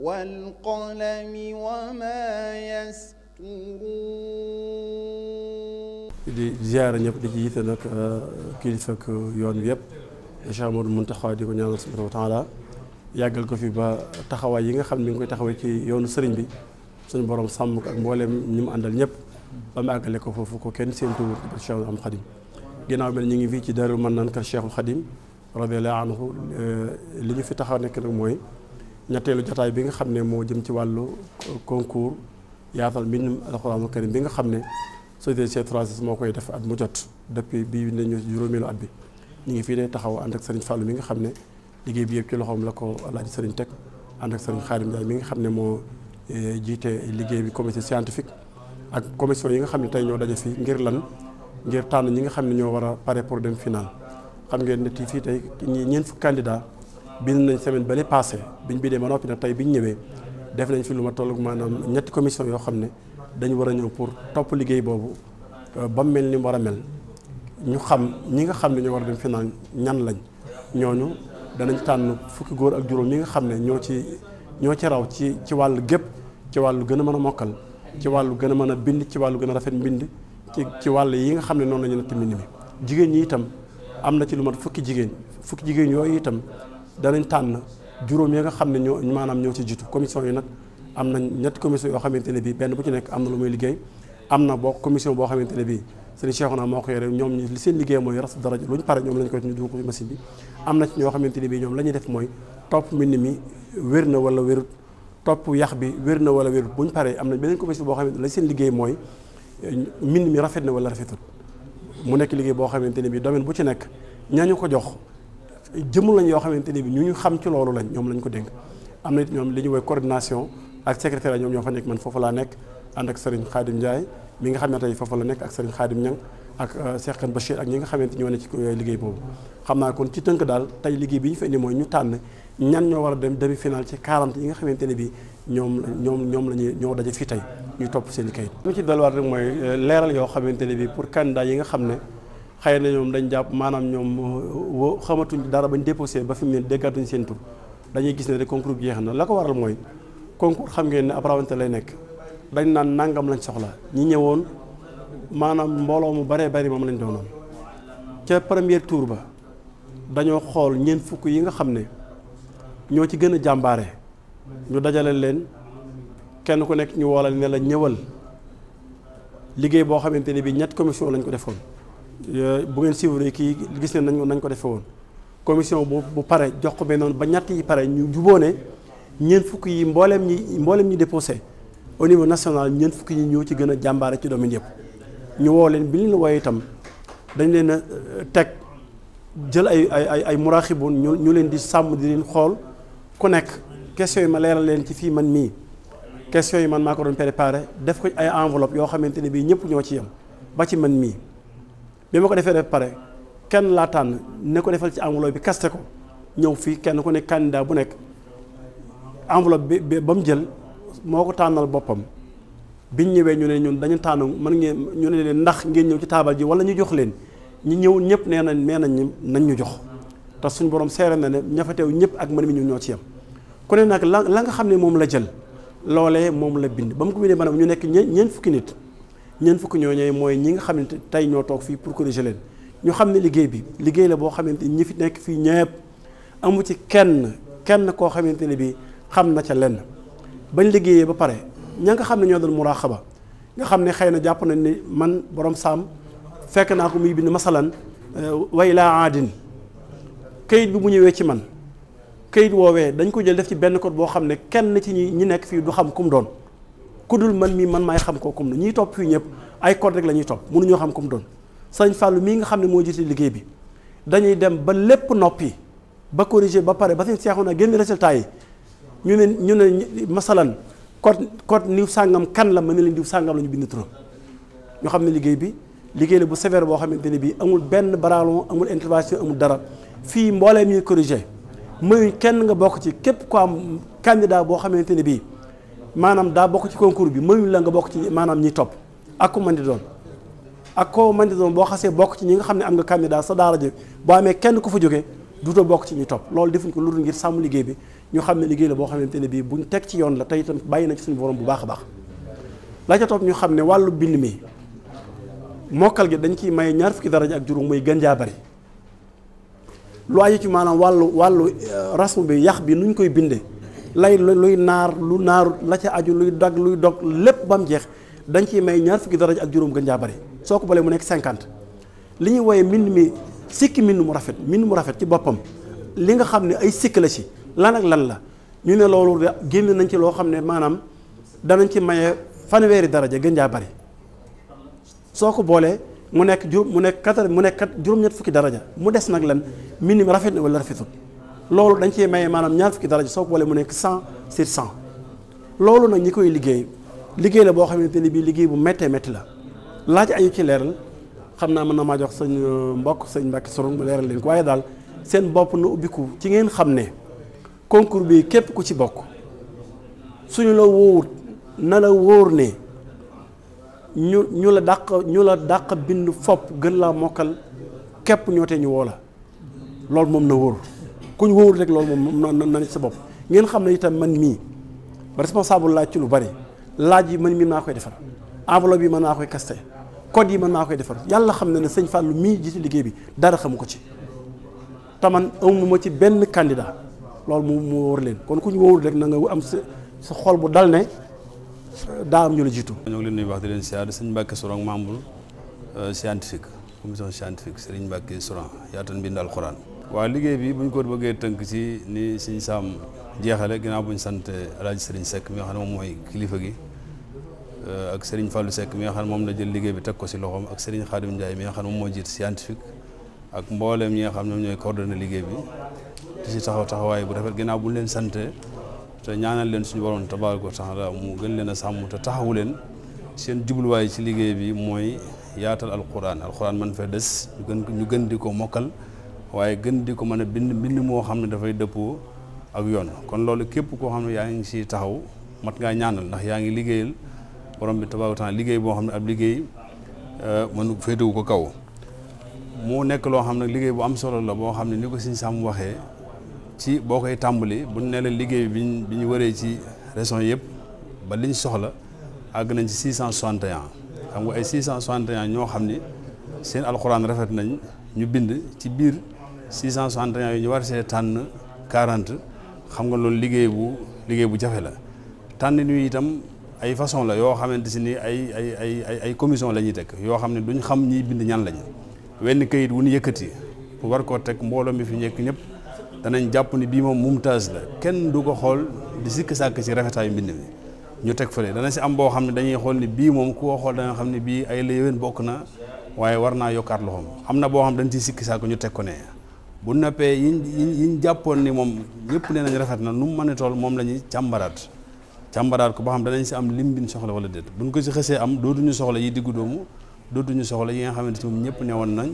والقلم وما يسطرون di ziara ñëpp di ci yitte nag euh, kilifa ak yoon bi yëpp Cheikh mun Mountakha di ko ñaanal subhanahu wa taala yàggal ko fi ba taxawaay yi nga xam ne mi ngi koy taxawee ci yoonu sëriñ bi suñ borom sàmm ko ak mbooleem ñu mu àndal ñëpp ba mu àggale ko foofu ko kenn seen tuur Cheikh am Xadim ginnaaw bi ñu ngi fii ci Daaru Manaan kër Cheikhul Xadim radiyallahu anhu euh, li ñu fi taxaw nekk nag mooy ñetteelu jotaay bi nga xam ne moo jëm ci wàllu concours yaatal mbindum alxuraanul karim bi nga xam ne société C3S moo koy def ak mu jot depuis bii ne ñu juróomeelu at bi ñu ngi fii dee taxaw ànd ak Serigne Fallou mi nga xam ne liggéey bi yëpp ci loxoom la ko Alaaji Serigne teg ànd ak Serigne Khadim Ndiaye mi nga xam ne moo eh, jiite liggéey bi comité scientifique ak commission yi nga xam ne tey ñoo daje fi ngir lan ngir tànn ñi nga xam ne ñoo war a pare pour dem final xam ngeen ne fii tey ñeent fukki candidat bind nañ semaine bële passé biñ bindee ba noppi nag tey biñ ñëwee def nañ fi lu ma toll maanaam ñetti commission yoo xam ne dañu war a ñëw pour topp liggéey boobu euh, ba mu mel ni war a mel ñu xam ñi nga xam ne ñoo war a dem finance ñan lañ ñooñu danañ tànn fukki góor ak juróom ñi nga xam ne ñoo ci ñoo ci raw ci ci wàll gépp ci wàllu gën a mën a mokkal ci wàll gën a mën a bind ci wàll gën a rafet mbind ci ci wàll yi nga xam ne noonu lañu ñu natt mbind jigéen ñi itam am na ci lu mat fukki jigéen fukki jigéen yooyu itam danañ tànn juróom ya nga xam ne ñoo maanaam ñoo ci jiitu commission yi nag am na ñetti commission yoo xamante ne bii benn bu ci nekk am na lu muy liggéey am na boo commission boo xamante ne bii seen Cheikhouna moo ko yore ñoom li seen liggéey mooy ras daraja lu ñu pare ñoom lañ koy ñu dugg ko ci machine bi am na ci ñoom la ñuy def mooy topp mbind mi wér na wala wérut topp yax bi wér na wala wérut bu ñu paree am na beneen commission boo xamante ne la seen mooy eh, mbind mi rafet na wala rafetut mu nekk liggéey boo xamante ne bii domaine bu ci nekk ñu ko jox jëmm lañ yoo xamante ni bi ñu ñu xam ci loolu lañ ñoom lañ ko dénk am na it ñoom li ñu woy coordination ak secrétaire ñoom ñoo fa nekk man foofu laa nekk ànd ak Serigne Khadim Ndiaye mi nga xam ne tey foofu la nekk ak Serigne Khadim Niang ak euh, Cheikh ñi nga xamante ñoo ne ci euh, liggéey boobu xam naa kon ci tënk daal tey liggéey bi ñu fa indi mooy ñu tànn ñan ñoo war a dem demi final ci 40 yi nga xamante ne bi ñoom ñoom ñoom la ñu ñoo daje fii tey ñu topp seen i kayit mu ci delluwaat rek mooy euh, leeral yoo xamante ne bi pour candidat yi nga xam ne xëy na ñoom dañ jàpp maanaam ñoom euh, xamatuñ dara bañ déposé ba fi mu ne déggatuñ seen tur dañuy gis ne rek concours bi jeex na la ko waral mooy concours xam ngeen ne ab rawante lay nekk dañ naan nangam lañ soxla ñi ñëwoon maanaam mbooloo mu baree bari moom lañ doonoon ca première tour ba dañoo xool ñeent fukk yi nga xam ne ñoo ci gën a jàmbaare ñu dajale leen kenn ku nekk ñu woolal ne la ñëwal liggéey boo xamante ne bi ñett commission lañ ko defoon Euh, bu ngeen suivre kii gis ne nañu ko nañ ko defee woon commission bu bu pare jox ko benn noonu ba ñett yi pare ñu juboone ñeent fukki yi mbooleem ñi mbooleem ñi déposé au niveau national ñeent fukki yi ñëw ci gën a jàmbaare ci domaine yëpp ñu woo leen bi ñu la wooyee itam dañ leen a euh, teg jël ay ay ay ay muraaxibun ñu ñu leen di sàmm di leen xool ku nekk question yi ma leeral leen ci fii man mii question yi man maa ko doon préparé def ko ay enveloppe yoo xamante ne bii ñëpp ñoo ci yem ba ci man mii bi ma ko defee def pare kenn laa tànn ne ko defal ci enveloppe bi kaste ko ñëw fii kenn ku ne candidat bu nekk enveloppe bi ba mu jël moo ko tànnal boppam biñ ñëwee ñu ne ñun dañu tànn mën ngeen ñu ne leen ndax ngeen ñëw ci taabal ji wala ñu jox leen ñi ñëw ñëpp nee nañ nee nañ nañ ñu jox te suñ borom seeree na ne ña fa ñëpp ak man mi ñu ñoo ci yem ku ne nag la la nga xam ne moom la jël loolee moom la bind ba mu ko bindee maanaam ñu nekk ñeent fukki nit ñeent fukk ñooñee mooy ñi nga xamante tey ñoo toog fii pour corriger leen ñu xam ne liggéey bi liggéey la boo xamante ñi fi nekk fii ñëpp amu ci kenn kenn koo xamante ne bi xam na ca lenn bañ liggéeyee ba pare ña nga xam ne ñoo doon muraaxaba nga xam ne xëy na jàpp nañ ni man borom saam fekk naa ko muy bind masalan eh, way laa aadin kayit bi mu ñëwee ci man kayit woowee dañ ko jël def ci benn code boo xam ne kenn ci ñi ñi nekk fii du xam ku mu doon ku dul man mii man maay xam kooku comme ñuy topp fii ñëpp ay code rek la ñuy topp mënuñoo xam comme doon sañ Fallou mii nga xam ne moo jiite liggéey bi dañuy dem ba lépp noppi ba corrigé ba pare ba seen seexoon a génn résultat yi ñu ne ñu ne masalan code code niw sàngam kan la ma ne leen diw sàngam la ñu bind turam ñu xam ne liggéey bi liggéey la bu sévère boo xamante ne bii amul benn baralon amul intervention amul dara fii mbooleem ñuy corrigé muy kenn nga bokk ci képp ku am candidat boo xamante ne bii maanaam daa bokk ci concours bi mënuñu la nga bokk ci maanaam ñi topp ak ku mën di doon ak koo mën di doon boo xasee bokk ci ñi nga xam ne am nga candidat sa daara jël boo amee kenn ku fa jógee duto bokk ci ñi topp loolu defuñ ko lu dul ngir sàmm liggéey bi ñu xam ne liggéey la boo xamante ne bii buñ teg ci yoon la tey tam bàyyi na ci suñu borom bu baax a baax la ca topp ñu xam ne wàllu bind mi mokkal gi dañ ciy may ñaar fukki daraja ak juróom mooy gën jaa ci maanaam wàllu wàllu euh, rasmu bi yax bi nuñ koy bindee lay luy naar lu naarut la ca aju luy dag luy dog lépp ba mu jeex dañ ciy may ñaar fukki daraja ak juróom gën jaa bari soo ko balee mu nekk cinquante li ñuy wooye mbind mi sikki mbind mu rafet mbind mu rafet ci boppam li nga xam ne ay sikk ci lan ak lan la ñu ne loolu nañ ci loo xam ne maanaam danañ ci maye fanweeri daraja gën bari soo ko boolee mu nekk juróom mu nekk quatre mu nekk juróom-ñett fukki daraja mu des nag lan mbind mi rafet na wala rafetul loolu dañ cee maye maanaam ñaar fukki daraja soo ko boole mu nekk san sur cent loolu nag ñi koy liggéey liggéey la boo xamante ni bii liggéey bu méttee métti la laaj añu ci leeral xam naa mën na ma jox sëñ euh, mbokk sañ Mbacke Sorong mu leeral leen ko waaye daal seen bopp na ubbiku ci ngeen xam ne concours bi képp ku ci bokk suñu la wóowut na la wóor ne ñu ñu la dàq ñu la dàq bind fopp gën laa mokkal képp ñoo ñu woo la loolu moom na wóor ku ñu wóorul rek loolu moom na na sa bopp ngeen xam ne itam man mii ba responsable laaj ci lu bari laaj yi man mii naa koy defar enveloppe yi mën naa koy kaste code yi mën naa koy defar yàlla xam ne ne sëñ Fallou mii jiitu liggéey bi dara xamu ko ci te man amuma ci benn candidat loolu mu mu leen kon ku ñu wóorul rek na nga am sa sa xol bu dal ne daa am ñu la jiitu. ñoo ngi leen nuyu wax di leen siyaare sëñ Mbacke Sourang membre euh, scientifique commission scientifique Serigne Mbacke Sourang yaatal mbindal Xuraan waaw liggéey bi bu ñu ko bëggee tënk ci ni Sëñ Saam jeexale ginnaaw bu ñu sant El Hadj Serigne mi nga ne moom mooy kilifa gi euh, ak Serigne Fallou sekk mi nga xam ne moom la jël liggéey bi teg ko si loxoom ak Serigne Khadim Ndiaye mi nga xam moom moo jiit scientifique ak mbooleem ñi nga xam ne ñooy coordonné liggéey bi di ci taxaw taxawaay bu rafet ginnaaw bu leen sant te ñaanal leen suñu borom tabaaraka ko taala mu gën leen a sàmm ta taxawu leen seen jubluwaay ci liggéey bi mooy yaatal alquran alquran man fee des gën ñu gën di ko mokkal waaye gën di ko mën a bind mbind moo xam ne dafay dëppoo ak yoon kon loolu képp koo xam ne yaa ngi si taxaw mat ngaa ñaanal ndax yaa ngi liggéeyal borom bi tabaaraka taala liggéey boo xam ne ab liggéey eh, mënu féetewu ko kaw mu nekk loo xam ne liggéey bu am solo la boo xam ne ni ko Sëñ Sam waxee ci boo koy tàmbali bu ne la liggéey bi bi ñu waree ci régions yëpp ba liñ soxla àgg nañ ci six cent soixante et xam nga ay six cent soixante et ñoo xam ni seen alxuraan rafet nañ ñu bind ci biir six cent soixante yi ñu war see tànn quarante xam nga loolu liggéey bu liggéey bu jafe la tànn ñu itam ay façon la yoo xamante si ni ay ay ay ay ay commission la ñuy teg yoo xam ne duñ xam ñiy bind ñan lañu wenn kayit wu ñu yëkkati war koo teg mbooloo mi fi nekk ñëpp danañ jàpp ni bii moom mumtaaz la kenn du ko xool di sikk sàkk ci rafetaayu mbind mi ñu teg fële dana si am boo xam ne dañuy xool ni bii moom ku ko xool da xam ne bii ay la yéwén bokk na waaye war naa yokkaat loxoom am na boo xam dañ ciy sikki sàkk ñu teg ko ne bu noppee yiñ yiñ jàppoon ni moom ñëpp nee nañ rafet na nu mu mën a tool moom la ñuy càmbaraat càmbaraat ko ba xam danañ si am lim bi ñu soxla wala déet buñ ko si xësee am dootuñu soxla yi diggu doomu dootuñu soxla yi nga xamante ni moom ñëpp newoon nañ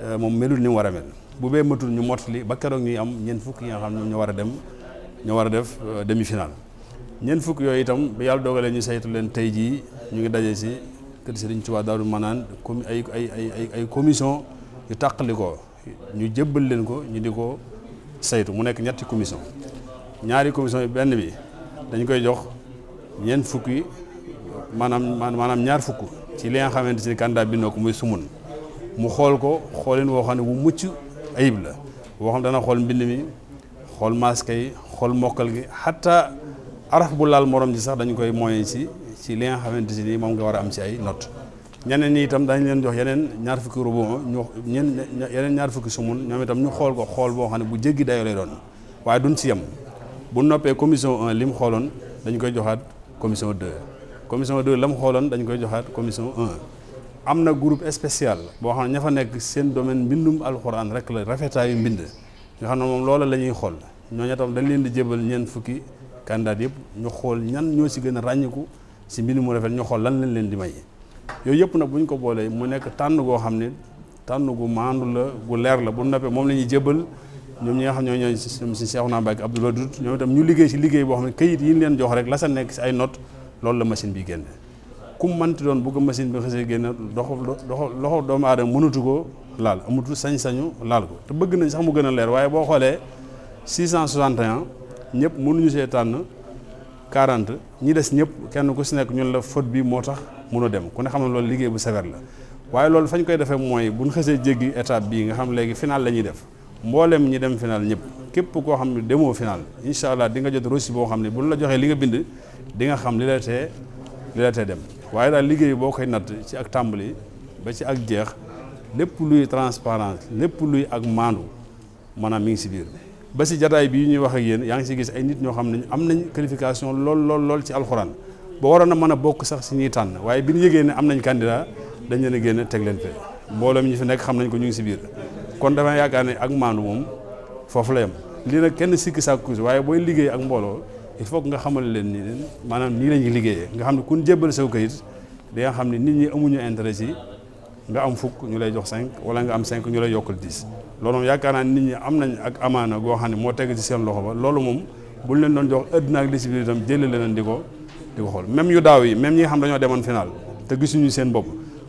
euh, moom melul ni mu a mel bu bee matul ñu mottali ba keroog ñuy am ñeent fukk yi nga xam ne ñoom ñu war a dem ñu war a def euh, demi final ñeent fukk yooyu itam ba yàlla dogalee ñu saytu leen tey jii ñu ngi daje si kër Serigne Touba Darou manaan comme ay ay ay ay commission yu tàqali ko ñu jébbal leen ko ñu di ko saytu mu nekk ñetti commission ñaari commission yi benn bi dañ koy jox ñeent fukk yi maanaam maanaam ñaar fukk ci li nga xamante ni candidat bi noo ko muy sumun mu xool ko xoolin woo xam ne bu mucc ayib la woo xam dana xool mbind mi xool masque xool mokkal gi xatta araf bu laal morom ji sax dañ koy moyen ci ci li nga xamante ni moom nga war a am si ay note ñeneen ñi itam dañ leen jox yeneen ñaar fukki rubu ñu ñen yeneen ñaar fukki sumun ñoom itam ñu xool ko xool boo xam ne bu jéggi dayoo lay doon waaye duñ si yem bu noppee commission 1 li mu xooloon dañu koy joxaat commission 2 commission 2 la mu xooloon dañ koy joxaat commission 1 am na groupe spécial boo xam ne ña fa nekk seen domaine mbindum alxuraan rek la rafetaayu mbind nga xam ne moom loola la ñuy xool ñoo itam dañ leen di jébbal ñeent fukki candidat yëpp ñu xool ñan ñoo si gën a ràññiku si mbind mu rafet ñu xool lan lañ leen di may yooyu yëpp nag bu ñu ko boolee mu nekk tànn goo xam ne tànn gu maandu la gu leer la bu noppee moom la ñuy jébal ñoom ñi nga xam ñoo ñooy ñoom si Cheikhouna Mbacké Abdou Wadoud ñoom itam ñu liggéey si liggéey boo xam ne kayit yi ñu leen jox rek la sa nekk si ay notes loolu la machine bi génne ku manti doon bugg machine bi xasee génne doxo loxo doomu aadama mënatu ko laal amatu sañ-sañu laal ko te bëgg nañ sax mu gën a leer waaye boo xoolee 661 ñëpp mënuñu see tànn 40 ñi des ñëpp kenn ku si nekk ñun la faute bi moo tax mun a dem ku ne xam ne loolu liggéey bu sévère la waaye loolu fañ koy defee mooy buñ xësee jéggi étape bii nga xam léegi final la ñuy def mbooleem ñi dem final ñëpp képp koo xam ne demoo final incha allah di nga jot reçu boo xam ne buñ la joxee li nga bind di nga xam li la tee li la tee dem waaye daal liggéey boo koy natt ci ak tàmbali ba ci ak jeex lépp luy transparence lépp luy ak maandu maanaam mi ngi si biir ba si jataay bii ñuy wax ak yéen yaa ngi si gis ay nit ñoo xam ne am nañ qualification lool lool ci alxuraan ba waroon a mën a bokk sax si ñuy tànn waaye bi ñu yëgee ne am nañ candidat dañ leen a génn teg leen fee mbooloo mi ñu fi nekk xam nañ ko ñu ngi si biir kon dafa yaakaar ne ak maanu moom foofu la yem lii nag kenn sikki sàkku si waaye booy liggéey ak mbooloo il nga xamal leen ni leen maanaam nii la liggéeyee nga xam ne kun jébbal saw kayit di nga xam ne nit ñi amuñu intérêt si nga am fukk ñu lay jox cinq wala nga am cinq ñu lay yokkal dix loolu moom yaakaar naa nit ñi am nañ ak amaana goo xam ne moo teg ci seen loxo ba loolu moom buñ leen doon jox ëdd naag li si leneen di ko di ko xool même yu daaw yi même ñi xam dañoo demoon final te gisuñu seen bopp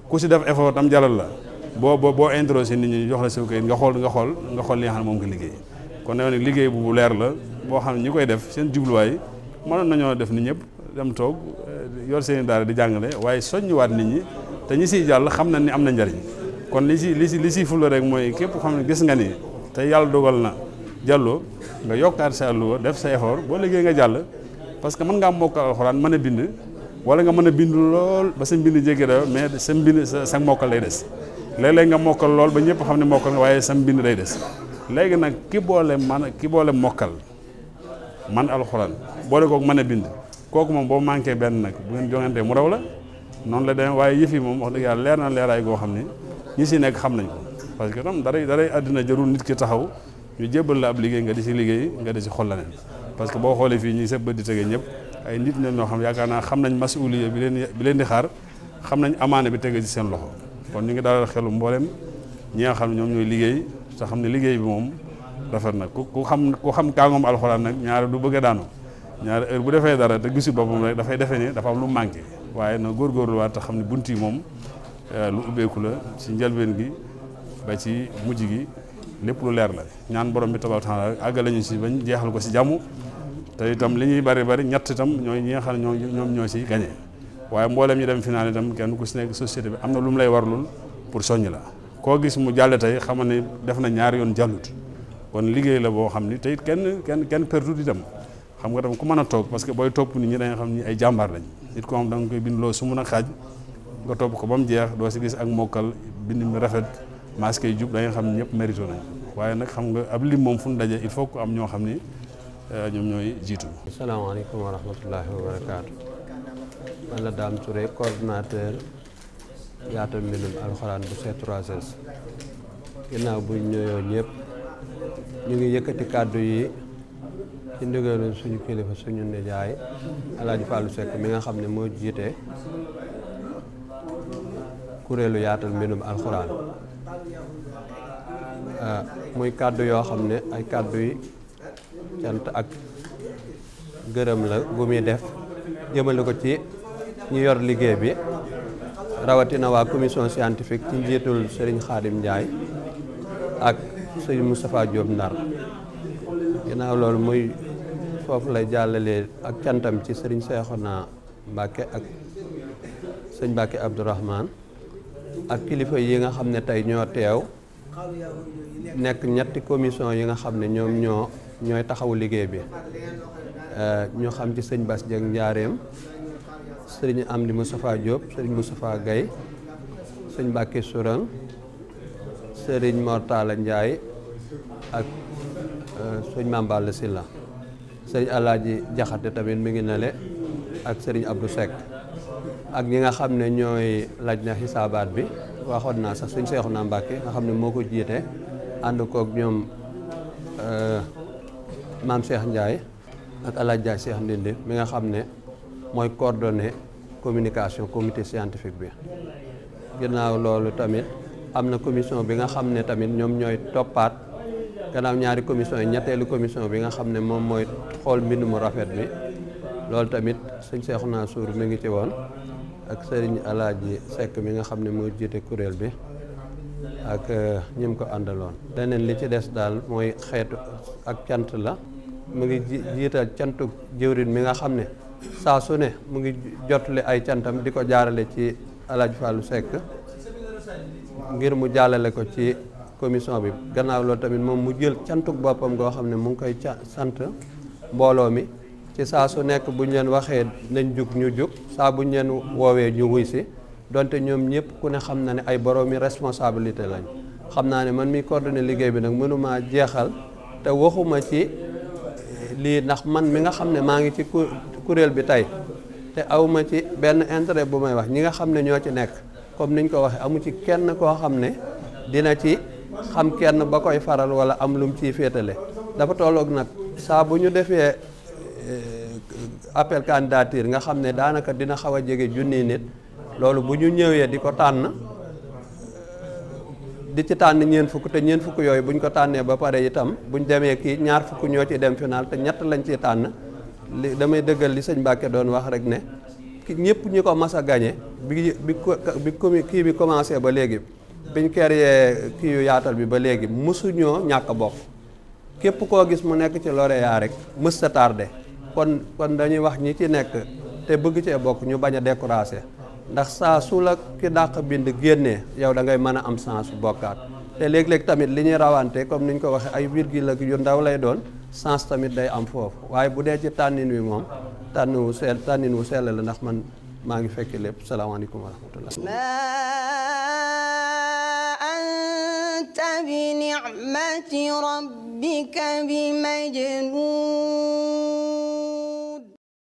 ku si def effort tam jaral la boo boo boo introsé nit ñi jox la siw kayit nga xool nga xool nga xool li nga xam ne moom nga liggéey kon ne liggéey bu leer la boo xam ne ñi koy def seen jubluwaay mënoon nañoo def ni ñëpp dem toog eh, yor seen daal daara di jàngale waaye soññiwaat nit ñi te ñi siy jàll xam na ni am na njariñ kon li si li si li si fulla rek mooy képp xam ne gis nga ni te yàlla dogal na jàlloo nga yokkaat sa àlluwa def sa effort boo liggéey nga jàll parce que mën ngaa mokkal alxuraan mën a bind wala nga mën a bind lool ba sa mbind jéggi dayoo mais sa mbind sa mokkal lay des léeg-léeg nga mokkal lool ba ñëpp xam ne mokkal waaye sa mbind day des léegi nag ki boole man ki boole mokkal man alxuraan boole kook mën a bind kooku moom boo manqué benn nag bu ngeen joŋantee mu raw la noonu la dem waaye yëf yi moom wax dëgg yàlla leer na leeraay goo xam ne ñi si nekk xam nañ parce que tam daray daray àddina jarul nit ki taxaw ñu jébbal la ab liggéey nga di si liggéey nga di si xol la neen parce que boo xoolee fii ñi sëb ba di tege ñëpp ay nit ñoom ñoo xam yaakaar naa xam nañ masuuliya bi leen bi leen di xaar xam nañ amaana bi tege ci seen loxo kon ñu ngi daal xelu mboolem ñi nga xam ñoom ñooy liggéey te xam ne liggéey bi moom rafet na ku ku xam ku xam kàngoom alxuraan nag ñaare du bëgg daanu ñaare heure bu defee dara te gisul boppam rek dafay defee ne dafa am lu manqué waaye na góorgóorluwaat te xam ne bunt yi moom euh, lu ubbeeku la ci njëlbeen gi ba ci mujj gi lépp lu leer la ñaan borom bi tabaaraka taala àgg lañu si bañ jeexal ko si jàmm te itam li ñuy bari bari ñett itam ñooy ñeexal nga xam ñoom ñoo ciy gagné waaye mboolem ñu dem final itam kenn ku ci nekk société bi am na lu mu lay warlul pour soññ la koo gis mu jàll tey xamal ni def na ñaari yoon jàllut kon liggéey la boo xam ni te it kenn kenn kenn perdut itam xam nga tam ku mën a toog parce que booy topp nit ñi da nga xam ni ay jàmbar lañ nit ko xam koy bind loo su mun a xaaj nga topp ko ba mu jeex doo si gis ak mokkal bind mi rafet masque yi jub da xam ni ñëpp mérito nañ waaye nag xam nga ab lim moom fu mu daje il faut que am ñoo xam ni Euh, ñoom ñooy jiitu. salaamaaleykum wa rahmatullahi wa barakaatu. man la Dame Touré coordonnateur yaatal mbindum alxuraan bu C3S. ginnaaw bu ñëwee ñu ngi yëkkati kàddu yi ci ndigalu suñu kilifa suñu nijaay fa Fàllu Sekk mi nga xam ne moo jiite kuréelu yaatal mbindum alxuraan euh, muy kàddu yoo xam ne ay kàddu yi. cant ak gërëm la gu muy def jëmale ko ci ñu yor liggéey bi rawatina waa commission scientifique ci njiitul sëriñ Khadim Ndiaye ak Serigne Moustapha Diop Ndar ginnaaw loolu muy foofu lay jàllale ak cantam ci Serigne Cheikhouna Mbacke ak sëñ Mbacke Abdourahmane ak kilifa yi nga xam ne tey ñoo teew nekk ñetti commission yi nga xam ne ñoom ñoo ñooy taxawu liggéey bi euh, ñoo xam ci sëñ Bass Dieng Njaareem sëriñ Amdi Moustapha Diop sëriñ Moustapha Gaye sëñ Mbàkke Sourang sëriñ Mortala Ndiaye ak euh, sëñ Mambal Silla sëriñ Alaaji Jaxate tamit mi ngi nale ak sëriñ Abdou Seck ak ñi nga xam ne ñooy laaj na xisaabaat bi waxoon naa sax suñ seexu naa Mbàkke nga xam ne moo ko jiite ànd koog ñoom euh, maam Cheikh Ndiaye ak El Hadj Ndiaye Ndindi mi nga xam ne mooy coordonné communication comité scientifique bi ginnaaw loolu tamit am na commission bi nga xam ne tamit ñoom ñooy toppaat gannaaw ñaari commission yi ñetteelu commission bi nga xam ne moom mooy xool mbind mu rafet bi loolu tamit sëñ Cheikhouna Sour mi ngi ci woon ak sëriñ yi sekk mi nga xam ne moo jiite kuréel bi ak euh, ñim ko àndaloon leneen li ci des daal mooy xeetu ak cant la mu ngi jiital cantu jëwrin mi nga xam ne saa su ne mu ngi jotale ay cantam di ko jaarale ci Alaaji Fàllu Sekk ngir mu jàllale ko ci commission bi gannaaw loolu tamit moom mu jël cantuk boppam goo xam ne mu ngi koy sant mbooloo mi ci saa su nekk buñ leen waxee nañ jug ñu jug saa buñ leen woowee ñu wuy si donte ñoom ñëpp ku ne xam na ne ay boroomi responsabilité lañ xam naa ne man mi coordonné liggéey bi nag mënumaa jeexal lii ndax man mi nga xam ne maa ngi ci kuréel bi tey te awma ci benn intérêt bu may wax ñi nga xam ne ñoo ci nekk comme niñ ko waxee amu ci kenn koo xam ne dina ci xam kenn ba koy faral wala am lum ciy féetale dafa tollook nag saa bu ñu defee eh, appel candidature nga xam ne daanaka dina xaw a jege junni nit loolu bu ñu ñëwee di ko tànn di ci tànn ñeen fukk te ñeen fukk yooyu buñ ko tànnee ba pare itam bu ñu demee kii ñaar fukk ñoo ci dem final te ñett lañ ciy tànn li damay dëggal li sëñ Mbàkke doon wax rek ne ñëpp ñi ko mas a gañe bi bi kii bi commencé ba léegi biñ créé kii yu yaatal bi ba léegi mësuñoo ñàkk a bokk képp koo gis mu nekk ci lauréat rek mës a tardé kon kon dañuy wax ñi ci nekk te bëgg cee bokk ñu bañ a découragé ndax saa su la ki dàq bind génnee yow da ngay mën a am sens su bokkaat te léeg-léeg tamit li ñuy rawante comme ni ñu ko waxee ay virgule ak yu ndaw lay doon sens tamit day am foofu waaye bu dee ci tànnin wi moom tànnin wu sell tànnin wu sell la ndax man maa ngi fekk lépp salaamaaleykum wa rahmatullah